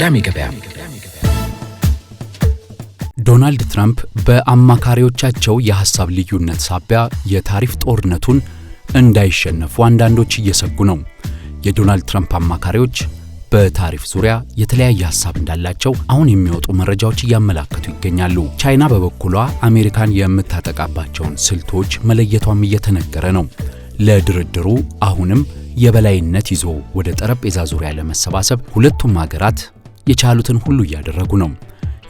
ቅዳሜ ገበያ ዶናልድ ትራምፕ በአማካሪዎቻቸው የሐሳብ ልዩነት ሳቢያ የታሪፍ ጦርነቱን እንዳይሸነፉ አንዳንዶች እየሰጉ ነው። የዶናልድ ትራምፕ አማካሪዎች በታሪፍ ዙሪያ የተለያየ ሐሳብ እንዳላቸው አሁን የሚወጡ መረጃዎች እያመላከቱ ይገኛሉ። ቻይና በበኩሏ አሜሪካን የምታጠቃባቸውን ስልቶች መለየቷም እየተነገረ ነው። ለድርድሩ አሁንም የበላይነት ይዞ ወደ ጠረጴዛ ዙሪያ ለመሰባሰብ ሁለቱም ሀገራት የቻሉትን ሁሉ እያደረጉ ነው።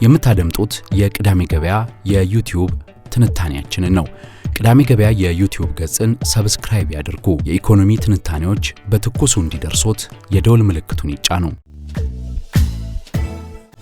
የምታደምጡት የቅዳሜ ገበያ የዩቲዩብ ትንታኔያችንን ነው። ቅዳሜ ገበያ የዩቲዩብ ገጽን ሰብስክራይብ ያድርጉ። የኢኮኖሚ ትንታኔዎች በትኩሱ እንዲደርሶት የደውል ምልክቱን ይጫኑ።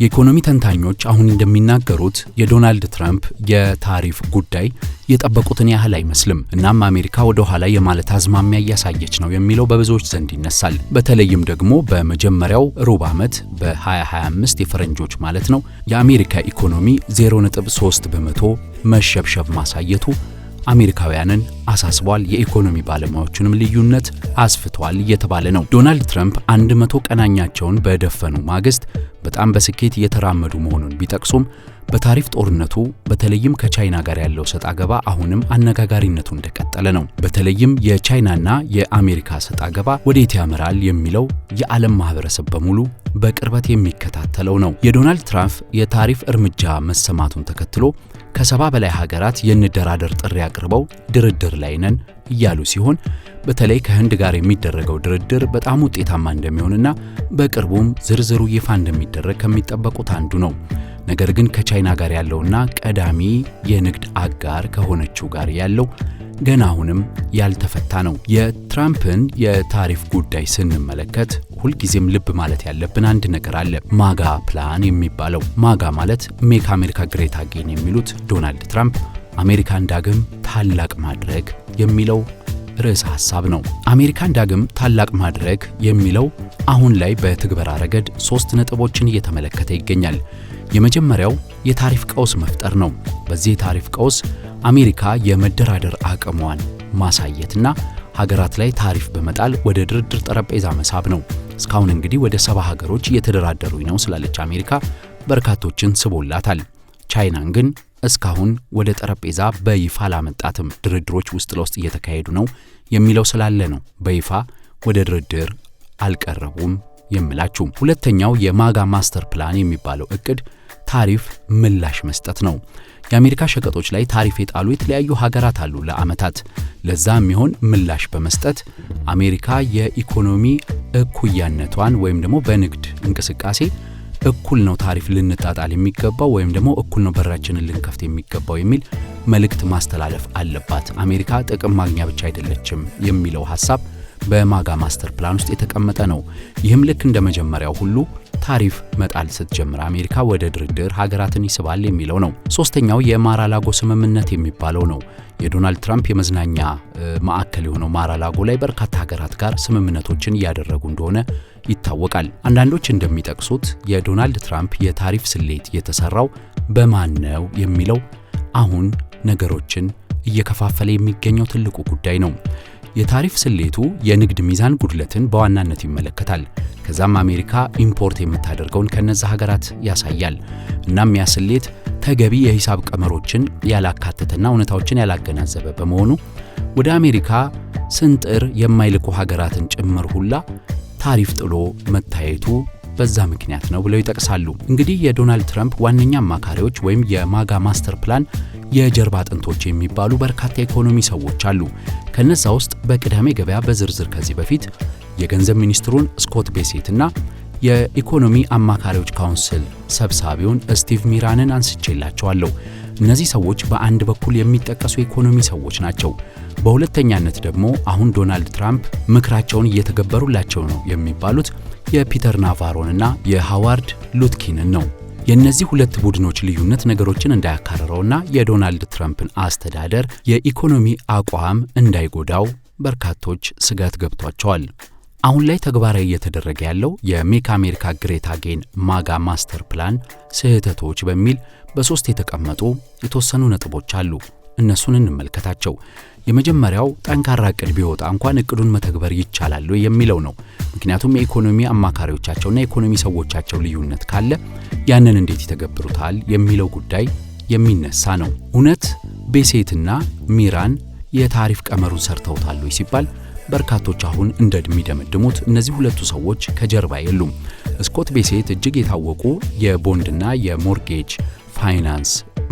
የኢኮኖሚ ተንታኞች አሁን እንደሚናገሩት የዶናልድ ትራምፕ የታሪፍ ጉዳይ የጠበቁትን ያህል አይመስልም። እናም አሜሪካ ወደ ኋላ የማለት አዝማሚያ እያሳየች ነው የሚለው በብዙዎች ዘንድ ይነሳል። በተለይም ደግሞ በመጀመሪያው ሩብ ዓመት በ2025 የፈረንጆች ማለት ነው የአሜሪካ ኢኮኖሚ 0.3 በመቶ መሸብሸብ ማሳየቱ አሜሪካውያንን አሳስቧል። የኢኮኖሚ ባለሙያዎችንም ልዩነት አስፍቷል እየተባለ ነው። ዶናልድ ትራምፕ አንድ መቶ ቀናኛቸውን በደፈኑ ማግስት በጣም በስኬት እየተራመዱ መሆኑን ቢጠቅሱም በታሪፍ ጦርነቱ በተለይም ከቻይና ጋር ያለው ሰጣ ገባ አሁንም አነጋጋሪነቱ እንደቀጠለ ነው። በተለይም የቻይናና የአሜሪካ ሰጣ ገባ ወዴት ያመራል የሚለው የዓለም ማህበረሰብ በሙሉ በቅርበት የሚከታተለው ነው። የዶናልድ ትራምፕ የታሪፍ እርምጃ መሰማቱን ተከትሎ ከሰባ በላይ ሀገራት የንደራደር ጥሪ አቅርበው ድርድር ላይ ነን እያሉ ሲሆን በተለይ ከህንድ ጋር የሚደረገው ድርድር በጣም ውጤታማ እንደሚሆንና በቅርቡም ዝርዝሩ ይፋ እንደሚደረግ ከሚጠበቁት አንዱ ነው። ነገር ግን ከቻይና ጋር ያለውና ቀዳሚ የንግድ አጋር ከሆነችው ጋር ያለው ገና አሁንም ያልተፈታ ነው። የትራምፕን የታሪፍ ጉዳይ ስንመለከት ሁልጊዜም ልብ ማለት ያለብን አንድ ነገር አለ። ማጋ ፕላን የሚባለው ማጋ ማለት ሜክ አሜሪካ ግሬት አጌን የሚሉት ዶናልድ ትራምፕ አሜሪካን ዳግም ታላቅ ማድረግ የሚለው ርዕሰ ሐሳብ ነው። አሜሪካን ዳግም ታላቅ ማድረግ የሚለው አሁን ላይ በትግበራ ረገድ ሶስት ነጥቦችን እየተመለከተ ይገኛል። የመጀመሪያው የታሪፍ ቀውስ መፍጠር ነው። በዚህ የታሪፍ ቀውስ አሜሪካ የመደራደር አቅሟን ማሳየትና ሀገራት ላይ ታሪፍ በመጣል ወደ ድርድር ጠረጴዛ መሳብ ነው። እስካሁን እንግዲህ ወደ ሰባ ሀገሮች እየተደራደሩኝ ነው ስላለች አሜሪካ በርካቶችን ስቦላታል። ቻይናን ግን እስካሁን ወደ ጠረጴዛ በይፋ አላመጣትም። ድርድሮች ውስጥ ለውስጥ እየተካሄዱ ነው የሚለው ስላለ ነው በይፋ ወደ ድርድር አልቀረቡም የምላችሁ። ሁለተኛው የማጋ ማስተር ፕላን የሚባለው እቅድ ታሪፍ ምላሽ መስጠት ነው። የአሜሪካ ሸቀጦች ላይ ታሪፍ የጣሉ የተለያዩ ሀገራት አሉ ለዓመታት። ለዛ የሚሆን ምላሽ በመስጠት አሜሪካ የኢኮኖሚ እኩያነቷን ወይም ደግሞ በንግድ እንቅስቃሴ እኩል ነው ታሪፍ ልንጣጣል የሚገባው ወይም ደግሞ እኩል ነው በራችንን ልንከፍት የሚገባው የሚል መልእክት ማስተላለፍ አለባት። አሜሪካ ጥቅም ማግኛ ብቻ አይደለችም የሚለው ሀሳብ በማጋ ማስተር ፕላን ውስጥ የተቀመጠ ነው። ይህም ልክ እንደ መጀመሪያው ሁሉ ታሪፍ መጣል ስትጀምር አሜሪካ ወደ ድርድር ሀገራትን ይስባል የሚለው ነው። ሶስተኛው የማራላጎ ስምምነት የሚባለው ነው። የዶናልድ ትራምፕ የመዝናኛ ማዕከል የሆነው ማራላጎ ላይ በርካታ ሀገራት ጋር ስምምነቶችን እያደረጉ እንደሆነ ይታወቃል። አንዳንዶች እንደሚጠቅሱት የዶናልድ ትራምፕ የታሪፍ ስሌት የተሰራው በማን ነው የሚለው አሁን ነገሮችን እየከፋፈለ የሚገኘው ትልቁ ጉዳይ ነው። የታሪፍ ስሌቱ የንግድ ሚዛን ጉድለትን በዋናነት ይመለከታል። ከዛም አሜሪካ ኢምፖርት የምታደርገውን ከነዛ ሀገራት ያሳያል። እናም ያ ስሌት ተገቢ የሂሳብ ቀመሮችን ያላካተተና እውነታዎችን ያላገናዘበ በመሆኑ ወደ አሜሪካ ስንጥር የማይልኩ ሀገራትን ጭምር ሁላ ታሪፍ ጥሎ መታየቱ በዛ ምክንያት ነው ብለው ይጠቅሳሉ። እንግዲህ የዶናልድ ትራምፕ ዋነኛ አማካሪዎች ወይም የማጋ ማስተር ፕላን የጀርባ አጥንቶች የሚባሉ በርካታ ኢኮኖሚ ሰዎች አሉ። ከነዛ ውስጥ በቅዳሜ ገበያ በዝርዝር ከዚህ በፊት የገንዘብ ሚኒስትሩን ስኮት ቤሴትና የኢኮኖሚ አማካሪዎች ካውንስል ሰብሳቢውን ስቲቭ ሚራንን አንስቼላቸዋለሁ። እነዚህ ሰዎች በአንድ በኩል የሚጠቀሱ የኢኮኖሚ ሰዎች ናቸው። በሁለተኛነት ደግሞ አሁን ዶናልድ ትራምፕ ምክራቸውን እየተገበሩላቸው ነው የሚባሉት የፒተር ናቫሮንና የሃዋርድ ሉትኪንን ነው። የእነዚህ ሁለት ቡድኖች ልዩነት ነገሮችን እንዳያካርረውና የዶናልድ ትራምፕን አስተዳደር የኢኮኖሚ አቋም እንዳይጎዳው በርካቶች ስጋት ገብቷቸዋል። አሁን ላይ ተግባራዊ እየተደረገ ያለው የሜክ አሜሪካ ግሬት አጌን ማጋ ማስተር ፕላን ስህተቶች በሚል በሶስት የተቀመጡ የተወሰኑ ነጥቦች አሉ። እነሱን እንመልከታቸው። የመጀመሪያው ጠንካራ እቅድ ቢወጣ እንኳን እቅዱን መተግበር ይቻላሉ የሚለው ነው። ምክንያቱም የኢኮኖሚ አማካሪዎቻቸውና የኢኮኖሚ ሰዎቻቸው ልዩነት ካለ ያንን እንዴት ይተገብሩታል የሚለው ጉዳይ የሚነሳ ነው። እውነት ቤሴትና ሚራን የታሪፍ ቀመሩን ሰርተውታሉ ሲባል በርካቶች አሁን እንደ እነዚህ ሁለቱ ሰዎች ከጀርባ የሉም። ስኮት ቤሴት እጅግ የታወቁ የቦንድና የሞርጌጅ ፋይናንስ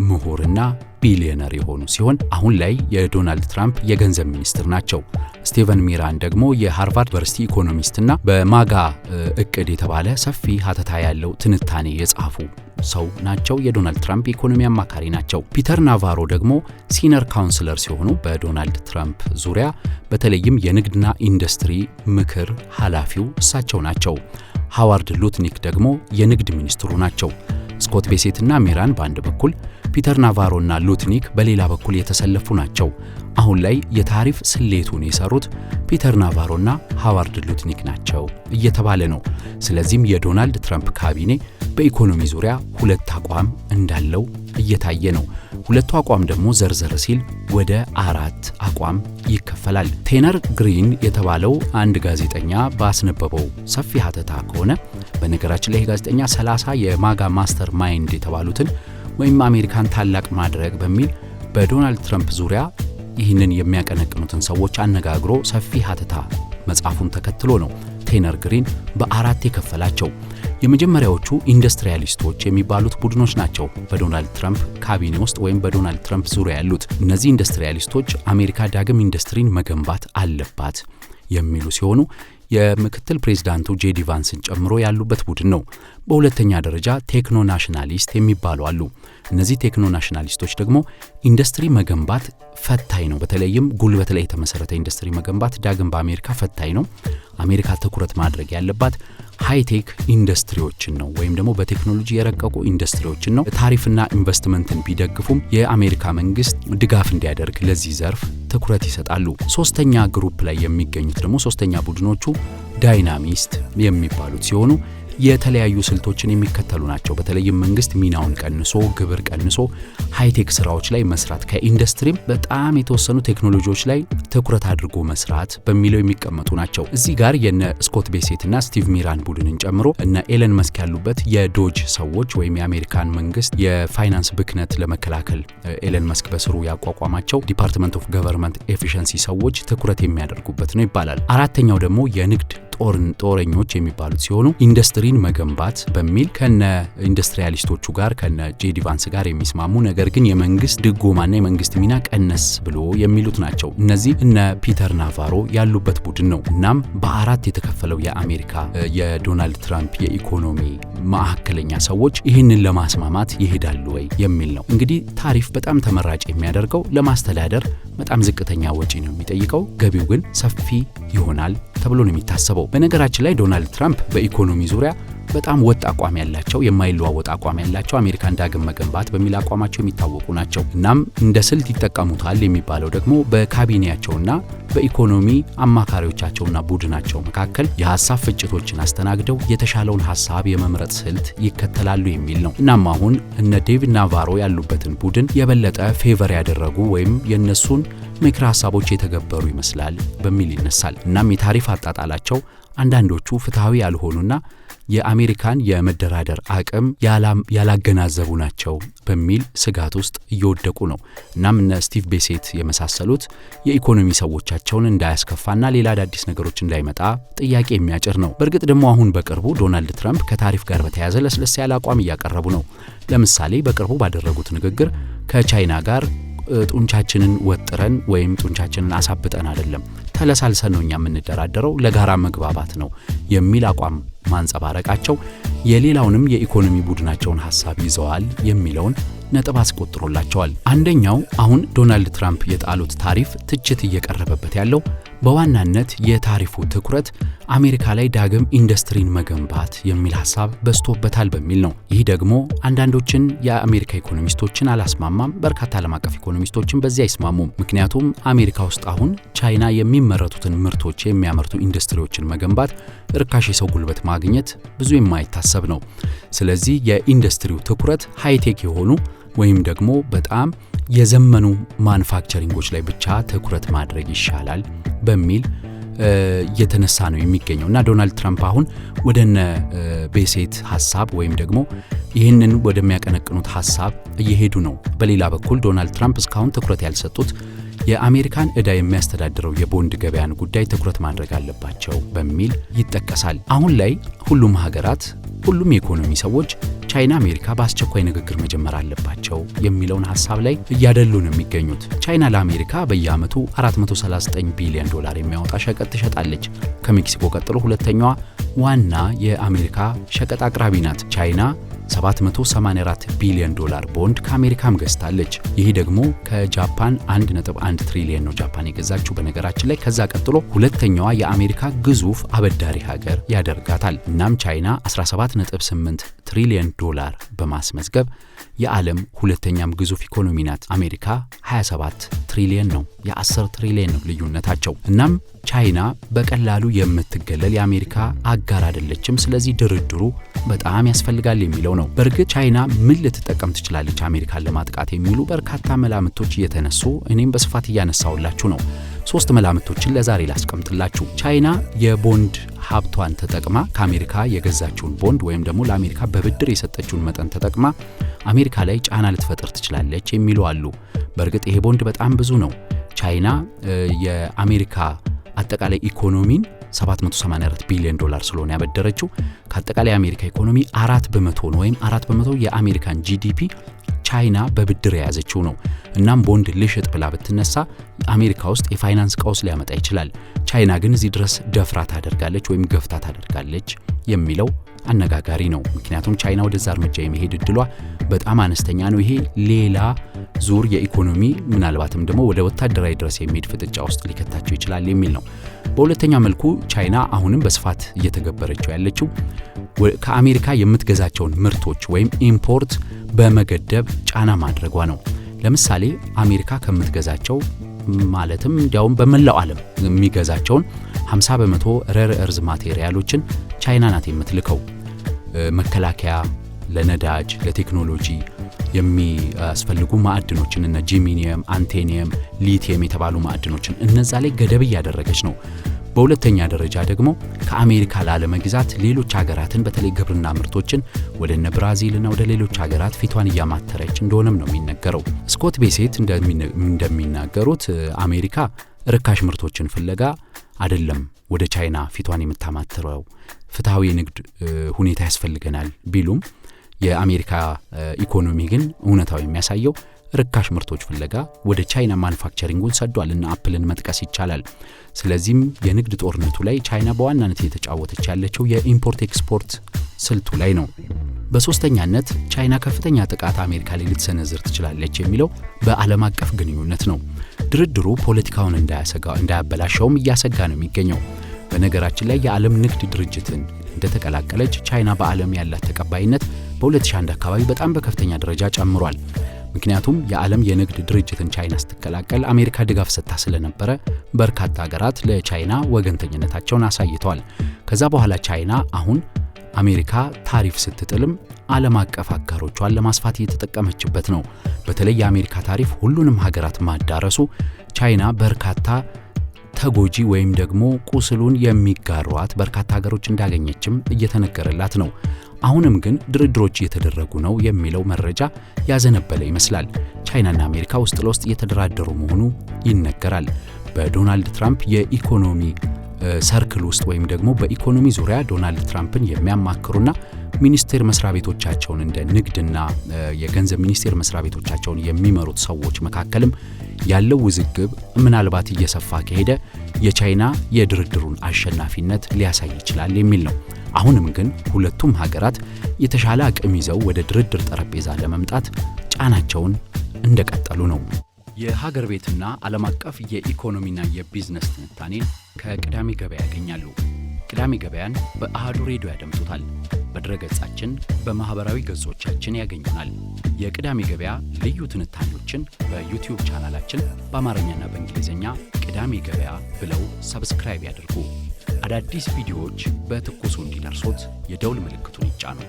ምሁርና ቢሊዮነር የሆኑ ሲሆን አሁን ላይ የዶናልድ ትራምፕ የገንዘብ ሚኒስትር ናቸው። ስቴቨን ሚራን ደግሞ የሃርቫርድ ዩኒቨርሲቲ ኢኮኖሚስትና በማጋ እቅድ የተባለ ሰፊ ሀተታ ያለው ትንታኔ የጻፉ ሰው ናቸው። የዶናልድ ትራምፕ የኢኮኖሚ አማካሪ ናቸው። ፒተር ናቫሮ ደግሞ ሲነር ካውንስለር ሲሆኑ በዶናልድ ትራምፕ ዙሪያ በተለይም የንግድና ኢንዱስትሪ ምክር ኃላፊው እሳቸው ናቸው። ሃዋርድ ሉትኒክ ደግሞ የንግድ ሚኒስትሩ ናቸው። ስኮት ቤሴትና ሚራን በአንድ በኩል ፒተር እና ሉትኒክ በሌላ በኩል የተሰለፉ ናቸው። አሁን ላይ የታሪፍ ስሌቱን የሰሩት ፒተር ናቫሮና ሃዋርድ ሉትኒክ ናቸው እየተባለ ነው። ስለዚህም የዶናልድ ትራምፕ ካቢኔ በኢኮኖሚ ዙሪያ ሁለት አቋም እንዳለው እየታየ ነው። ሁለቱ አቋም ደግሞ ዘርዘር ሲል ወደ አራት አቋም ይከፈላል። ቴነር ግሪን የተባለው አንድ ጋዜጠኛ ባስነበበው ሰፊ ሀተታ ከሆነ በነገራችን ላይ ጋዜጠኛ 30 የማጋ ማስተር ማይንድ የተባሉትን ወይም አሜሪካን ታላቅ ማድረግ በሚል በዶናልድ ትራምፕ ዙሪያ ይህንን የሚያቀነቅኑትን ሰዎች አነጋግሮ ሰፊ ሀተታ መጽሐፉን ተከትሎ ነው ቴነር ግሪን በአራት የከፈላቸው። የመጀመሪያዎቹ ኢንዱስትሪያሊስቶች የሚባሉት ቡድኖች ናቸው በዶናልድ ትራምፕ ካቢኔ ውስጥ ወይም በዶናልድ ትራምፕ ዙሪያ ያሉት። እነዚህ ኢንዱስትሪያሊስቶች አሜሪካ ዳግም ኢንዱስትሪን መገንባት አለባት የሚሉ ሲሆኑ የምክትል ፕሬዚዳንቱ ጄዲ ቫንስን ጨምሮ ያሉበት ቡድን ነው። በሁለተኛ ደረጃ ቴክኖ ናሽናሊስት የሚባሉ አሉ። እነዚህ ቴክኖ ናሽናሊስቶች ደግሞ ኢንዱስትሪ መገንባት ፈታኝ ነው፣ በተለይም ጉልበት ላይ የተመሰረተ ኢንዱስትሪ መገንባት ዳግም በአሜሪካ ፈታኝ ነው፣ አሜሪካ ትኩረት ማድረግ ያለባት ሃይቴክ ኢንዱስትሪዎችን ነው ወይም ደግሞ በቴክኖሎጂ የረቀቁ ኢንዱስትሪዎችን ነው። ታሪፍና ኢንቨስትመንትን ቢደግፉም የአሜሪካ መንግስት ድጋፍ እንዲያደርግ ለዚህ ዘርፍ ትኩረት ይሰጣሉ። ሶስተኛ ግሩፕ ላይ የሚገኙት ደግሞ ሶስተኛ ቡድኖቹ ዳይናሚስት የሚባሉት ሲሆኑ የተለያዩ ስልቶችን የሚከተሉ ናቸው። በተለይም መንግስት ሚናውን ቀንሶ ግብር ቀንሶ ሃይቴክ ስራዎች ላይ መስራት፣ ከኢንዱስትሪም በጣም የተወሰኑ ቴክኖሎጂዎች ላይ ትኩረት አድርጎ መስራት በሚለው የሚቀመጡ ናቸው። እዚህ ጋር የነ ስኮት ቤሴትና ስቲቭ ሚራን ቡድንን ጨምሮ እነ ኤለን መስክ ያሉበት የዶጅ ሰዎች ወይም የአሜሪካን መንግስት የፋይናንስ ብክነት ለመከላከል ኤለን መስክ በስሩ ያቋቋማቸው ዲፓርትመንት ኦፍ ገቨርንመንት ኤፊሽንሲ ሰዎች ትኩረት የሚያደርጉበት ነው ይባላል። አራተኛው ደግሞ የንግድ ጦረኞች የሚባሉት ሲሆኑ ኢንዱስትሪን መገንባት በሚል ከነ ኢንዱስትሪያሊስቶቹ ጋር ከነ ጄዲ ቫንስ ጋር የሚስማሙ ነገር ግን የመንግስት ድጎማና የመንግስት ሚና ቀነስ ብሎ የሚሉት ናቸው። እነዚህ እነ ፒተር ናቫሮ ያሉበት ቡድን ነው። እናም በአራት የተከፈለው የአሜሪካ የዶናልድ ትራምፕ የኢኮኖሚ ማዕከለኛ ሰዎች ይህንን ለማስማማት ይሄዳሉ ወይ የሚል ነው። እንግዲህ ታሪፍ በጣም ተመራጭ የሚያደርገው ለማስተዳደር በጣም ዝቅተኛ ወጪ ነው የሚጠይቀው፣ ገቢው ግን ሰፊ ይሆናል ተብሎ ነው የሚታሰበው። በነገራችን ላይ ዶናልድ ትራምፕ በኢኮኖሚ ዙሪያ በጣም ወጥ አቋም ያላቸው የማይለዋወጥ አቋም ያላቸው አሜሪካን ዳግም መገንባት በሚል አቋማቸው የሚታወቁ ናቸው። እናም እንደ ስልት ይጠቀሙታል የሚባለው ደግሞ በካቢኔያቸውና በኢኮኖሚ አማካሪዎቻቸውና ቡድናቸው መካከል የሀሳብ ፍጭቶችን አስተናግደው የተሻለውን ሀሳብ የመምረጥ ስልት ይከተላሉ የሚል ነው። እናም አሁን እነ ዴቪድ ናቫሮ ያሉበትን ቡድን የበለጠ ፌቨር ያደረጉ ወይም የእነሱን ምክረ ሀሳቦች የተገበሩ ይመስላል በሚል ይነሳል። እናም የታሪፍ አጣጣላቸው አንዳንዶቹ ፍትሐዊ ያልሆኑና የአሜሪካን የመደራደር አቅም ያላገናዘቡ ናቸው በሚል ስጋት ውስጥ እየወደቁ ነው። እናም እነ ስቲቭ ቤሴት የመሳሰሉት የኢኮኖሚ ሰዎቻቸውን እንዳያስከፋና ሌላ አዳዲስ ነገሮች እንዳይመጣ ጥያቄ የሚያጭር ነው። በእርግጥ ደግሞ አሁን በቅርቡ ዶናልድ ትራምፕ ከታሪፍ ጋር በተያያዘ ለስለስ ያለ አቋም እያቀረቡ ነው። ለምሳሌ በቅርቡ ባደረጉት ንግግር ከቻይና ጋር ጡንቻችንን ወጥረን ወይም ጡንቻችንን አሳብጠን አይደለም፣ ተለሳልሰን ነው እኛ የምንደራደረው፣ ለጋራ መግባባት ነው የሚል አቋም ማንጸባረቃቸው የሌላውንም የኢኮኖሚ ቡድናቸውን ሀሳብ ይዘዋል የሚለውን ነጥብ አስቆጥሮላቸዋል። አንደኛው አሁን ዶናልድ ትራምፕ የጣሉት ታሪፍ ትችት እየቀረበበት ያለው በዋናነት የታሪፉ ትኩረት አሜሪካ ላይ ዳግም ኢንዱስትሪን መገንባት የሚል ሀሳብ በዝቶበታል በሚል ነው። ይህ ደግሞ አንዳንዶችን የአሜሪካ ኢኮኖሚስቶችን አላስማማም። በርካታ ዓለም አቀፍ ኢኮኖሚስቶችን በዚህ አይስማሙም። ምክንያቱም አሜሪካ ውስጥ አሁን ቻይና የሚመረቱትን ምርቶች የሚያመርቱ ኢንዱስትሪዎችን መገንባት፣ ርካሽ የሰው ጉልበት ማግኘት ብዙ የማይታሰብ ነው። ስለዚህ የኢንዱስትሪው ትኩረት ሃይቴክ የሆኑ ወይም ደግሞ በጣም የዘመኑ ማኑፋክቸሪንጎች ላይ ብቻ ትኩረት ማድረግ ይሻላል በሚል እየተነሳ ነው የሚገኘው እና ዶናልድ ትራምፕ አሁን ወደ ቤሴት ሀሳብ ወይም ደግሞ ይህንን ወደሚያቀነቅኑት ሀሳብ እየሄዱ ነው። በሌላ በኩል ዶናልድ ትራምፕ እስካሁን ትኩረት ያልሰጡት የአሜሪካን ዕዳ የሚያስተዳድረው የቦንድ ገበያን ጉዳይ ትኩረት ማድረግ አለባቸው በሚል ይጠቀሳል። አሁን ላይ ሁሉም ሀገራት፣ ሁሉም የኢኮኖሚ ሰዎች ቻይና አሜሪካ በአስቸኳይ ንግግር መጀመር አለባቸው የሚለውን ሀሳብ ላይ እያደሉ ነው የሚገኙት። ቻይና ለአሜሪካ በየዓመቱ 439 ቢሊዮን ዶላር የሚያወጣ ሸቀጥ ትሸጣለች። ከሜክሲኮ ቀጥሎ ሁለተኛዋ ዋና የአሜሪካ ሸቀጥ አቅራቢ ናት። ቻይና 784 ቢሊዮን ዶላር ቦንድ ከአሜሪካም ገዝታለች። ይህ ደግሞ ከጃፓን 1.1 ትሪሊየን ነው ጃፓን የገዛችው። በነገራችን ላይ ከዛ ቀጥሎ ሁለተኛዋ የአሜሪካ ግዙፍ አበዳሪ ሀገር ያደርጋታል። እናም ቻይና 17.8 ትሪሊየን ዶላር በማስመዝገብ የዓለም ሁለተኛም ግዙፍ ኢኮኖሚ ናት። አሜሪካ 27 ትሪሊየን ነው፣ የ10 ትሪሊየን ነው ልዩነታቸው። እናም ቻይና በቀላሉ የምትገለል የአሜሪካ አጋር አይደለችም። ስለዚህ ድርድሩ በጣም ያስፈልጋል የሚለው ነው። በእርግጥ ቻይና ምን ልትጠቀም ትችላለች አሜሪካን ለማጥቃት የሚሉ በርካታ መላምቶች እየተነሱ እኔም በስፋት እያነሳውላችሁ ነው። ሶስት መላምቶችን ለዛሬ ላስቀምጥላችሁ። ቻይና የቦንድ ሀብቷን ተጠቅማ ከአሜሪካ የገዛችውን ቦንድ ወይም ደግሞ ለአሜሪካ በብድር የሰጠችውን መጠን ተጠቅማ አሜሪካ ላይ ጫና ልትፈጥር ትችላለች የሚሉ አሉ። በእርግጥ ይሄ ቦንድ በጣም ብዙ ነው። ቻይና የአሜሪካ አጠቃላይ ኢኮኖሚን 784 ቢሊዮን ዶላር ስለሆነ ያበደረችው ከአጠቃላይ የአሜሪካ ኢኮኖሚ አራት በመቶ ነው ወይም አራት በመቶ የአሜሪካን ጂዲፒ ቻይና በብድር የያዘችው ነው። እናም ቦንድ ልሽጥ ብላ ብትነሳ አሜሪካ ውስጥ የፋይናንስ ቀውስ ሊያመጣ ይችላል። ቻይና ግን እዚህ ድረስ ደፍራ ታደርጋለች ወይም ገፍታ ታደርጋለች የሚለው አነጋጋሪ ነው። ምክንያቱም ቻይና ወደዛ እርምጃ የመሄድ እድሏ በጣም አነስተኛ ነው። ይሄ ሌላ ዙር የኢኮኖሚ ምናልባትም ደግሞ ወደ ወታደራዊ ድረስ የሚሄድ ፍጥጫ ውስጥ ሊከታቸው ይችላል የሚል ነው። በሁለተኛ መልኩ ቻይና አሁንም በስፋት እየተገበረችው ያለችው ከአሜሪካ የምትገዛቸውን ምርቶች ወይም ኢምፖርት በመገደብ ጫና ማድረጓ ነው። ለምሳሌ አሜሪካ ከምትገዛቸው ማለትም እንዲያውም በመላው ዓለም የሚገዛቸውን 50 በመቶ ረር እርዝ ማቴሪያሎችን ቻይና ናት የምትልከው። መከላከያ ለነዳጅ፣ ለቴክኖሎጂ የሚያስፈልጉ ማዕድኖችን እነ ጂሚኒየም፣ አንቴኒየም፣ ሊቲየም የተባሉ ማዕድኖችን እነዛ ላይ ገደብ እያደረገች ነው። በሁለተኛ ደረጃ ደግሞ ከአሜሪካ ላለመግዛት ሌሎች ሀገራትን በተለይ ግብርና ምርቶችን ወደ እነ ብራዚልና ወደ ሌሎች ሀገራት ፊቷን እያማተረች እንደሆነም ነው የሚነገረው። ስኮት ቤሴት እንደሚናገሩት አሜሪካ ርካሽ ምርቶችን ፍለጋ አይደለም ወደ ቻይና ፊቷን የምታማትረው፣ ፍትሐዊ የንግድ ሁኔታ ያስፈልገናል ቢሉም የአሜሪካ ኢኮኖሚ ግን እውነታው የሚያሳየው ርካሽ ምርቶች ፍለጋ ወደ ቻይና ማኑፋክቸሪንጉን ሰዷል እና አፕልን መጥቀስ ይቻላል። ስለዚህም የንግድ ጦርነቱ ላይ ቻይና በዋናነት እየተጫወተች ያለችው የኢምፖርት ኤክስፖርት ስልቱ ላይ ነው። በሶስተኛነት ቻይና ከፍተኛ ጥቃት አሜሪካ ላይ ልትሰነዝር ትችላለች የሚለው በዓለም አቀፍ ግንኙነት ነው። ድርድሩ ፖለቲካውን እንዳያበላሸውም እያሰጋ ነው የሚገኘው። በነገራችን ላይ የዓለም ንግድ ድርጅትን እንደተቀላቀለች ቻይና በዓለም ያላት ተቀባይነት በ2001 አካባቢ በጣም በከፍተኛ ደረጃ ጨምሯል። ምክንያቱም የዓለም የንግድ ድርጅትን ቻይና ስትቀላቀል አሜሪካ ድጋፍ ሰጥታ ስለነበረ በርካታ ሀገራት ለቻይና ወገንተኝነታቸውን አሳይተዋል። ከዛ በኋላ ቻይና አሁን አሜሪካ ታሪፍ ስትጥልም ዓለም አቀፍ አጋሮቿን ለማስፋት እየተጠቀመችበት ነው። በተለይ የአሜሪካ ታሪፍ ሁሉንም ሀገራት ማዳረሱ ቻይና በርካታ ተጎጂ ወይም ደግሞ ቁስሉን የሚጋሯት በርካታ ሀገሮች እንዳገኘችም እየተነገረላት ነው። አሁንም ግን ድርድሮች እየተደረጉ ነው የሚለው መረጃ ያዘነበለ ይመስላል። ቻይናና አሜሪካ ውስጥ ለውስጥ እየተደራደሩ መሆኑ ይነገራል። በዶናልድ ትራምፕ የኢኮኖሚ ሰርክል ውስጥ ወይም ደግሞ በኢኮኖሚ ዙሪያ ዶናልድ ትራምፕን የሚያማክሩና ሚኒስቴር መስሪያ ቤቶቻቸውን እንደ ንግድና የገንዘብ ሚኒስቴር መስሪያ ቤቶቻቸውን የሚመሩት ሰዎች መካከልም ያለው ውዝግብ ምናልባት እየሰፋ ከሄደ የቻይና የድርድሩን አሸናፊነት ሊያሳይ ይችላል የሚል ነው። አሁንም ግን ሁለቱም ሀገራት የተሻለ አቅም ይዘው ወደ ድርድር ጠረጴዛ ለመምጣት ጫናቸውን እንደቀጠሉ ነው። የሀገር ቤትና ዓለም አቀፍ የኢኮኖሚና የቢዝነስ ትንታኔን ከቅዳሜ ገበያ ያገኛሉ። ቅዳሜ ገበያን በአሃዱ ሬዲዮ ያደምጡታል። በድረገጻችን በማኅበራዊ ገጾቻችን ያገኙናል። የቅዳሜ ገበያ ልዩ ትንታኔዎችን በዩቲዩብ ቻናላችን በአማርኛና በእንግሊዝኛ ቅዳሜ ገበያ ብለው ሰብስክራይብ ያድርጉ። አዳዲስ ቪዲዮዎች በትኩሱ እንዲደርሶት የደውል ምልክቱን ይጫኑ።